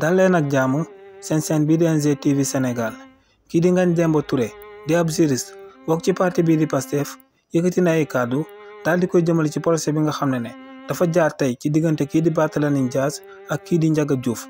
dalleen ak jàmm seen seen bii di NGTV Sénégal kii di Ngagne jemba ture di ab juriste bokk ci partie bii di Pastef yëkkati na ay kàddu daal di koy jëmale ci procès bi nga xam ne ne dafa jaar tey ci diggante kii di Barthélémy Dias ak kii di Ndiaga juuf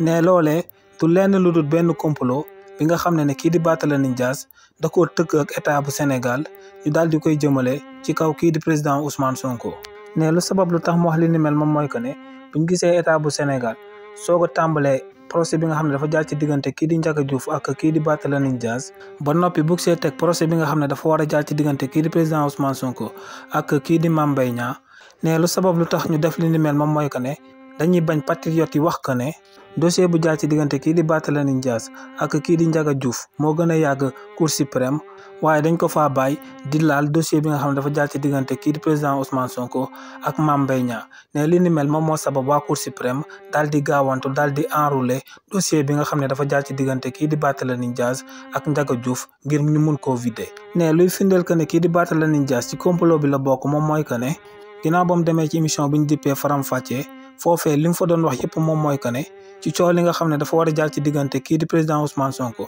ne loole du lenn lu dul benn complot bi nga xam ne ne kii di Barthélémy Dias da koo tëkk ak état bu Sénégal ñu daal di koy jëmale ci kaw kii di président Ousmane Sonko. ne lu sabab lu tax mu wax li ni mel moom mooy que ne buñ gisee état bu Sénégal. soo a tàmbalee procès bi nga xam ne dafa jaar ci diggante kii di Ndiaga Diouf ak kii di Barthélémy Dias ba noppi bu see teg procès bi nga xam ne dafa war a jaar ci diggante kii di président Ousmane Sonko ak kii di Mame Mbaye Niang ne lu sabab lu tax ñu def li ni mel moom mooy que ne dañuy bañ patriote yi wax que ne dossier bu jaar ci diggante kii di Barthélémy Dias ak kii di Ndiaga Diouf moo gën a yàgg Cour suprême waaye dañ ko faa bàyyi di laal dossier bi nga xam ne dafa jaar ci diggante kii di président Ousmane Sonko ak Mame Mbaye Niang ne li ni mel moom moo sabab waa Cour suprême daal di gaawantu daal di enrouler dossier bi nga xam ne dafa jaar ci diggante kii di Barthélémy Dias ak Ndiaga Diouf ngir ñu mun koo vider ne luy firndeel que ne kii di Barthélémy Dias ci complot bi la bokk moom mooy que ne ginnaaw ba mu demee ci émission bi ñu dippee faram-fàccee li mu fa doon wax yëpp moom mooy que ne ci coow li nga xam ne dafa war a jaar ci diggante kii di président Ousmane Sonko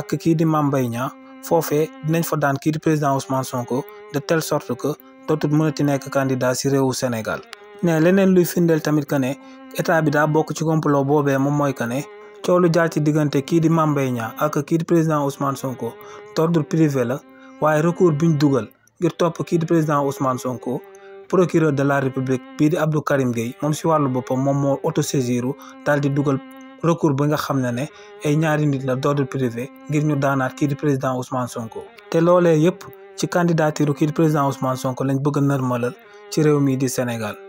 ak kii di Mame ñaa foofe dinañ fa daan kii di président Ousmane Sonko de telle sorte que dootul mënati nekk candidat si réewu Sénégal. ne leneen luy findeel tamit que ne état bi daa bokk ci complot boobee moom mooy que ne coow lu jaar ci diggante kii di Mame Mbaye ak kii di président Ousmane Sonko d'ordre privé la waaye recours biñ dugal ngir topp kii di président Ousmane Sonko procureur de la république bii di Abdou Karim Gueye moom si wàllu boppa moom moo autosaisiru daal di dugal recours bi nga xam ne ne ay ñaari nit la d'ordre privé ngir ñu daanaat kii di président Ousmane Sonko. te loolee yëpp ci candidature kii di président Ousmane Sonko lañ bëgg a nërmalal ci réew mii di Sénégal.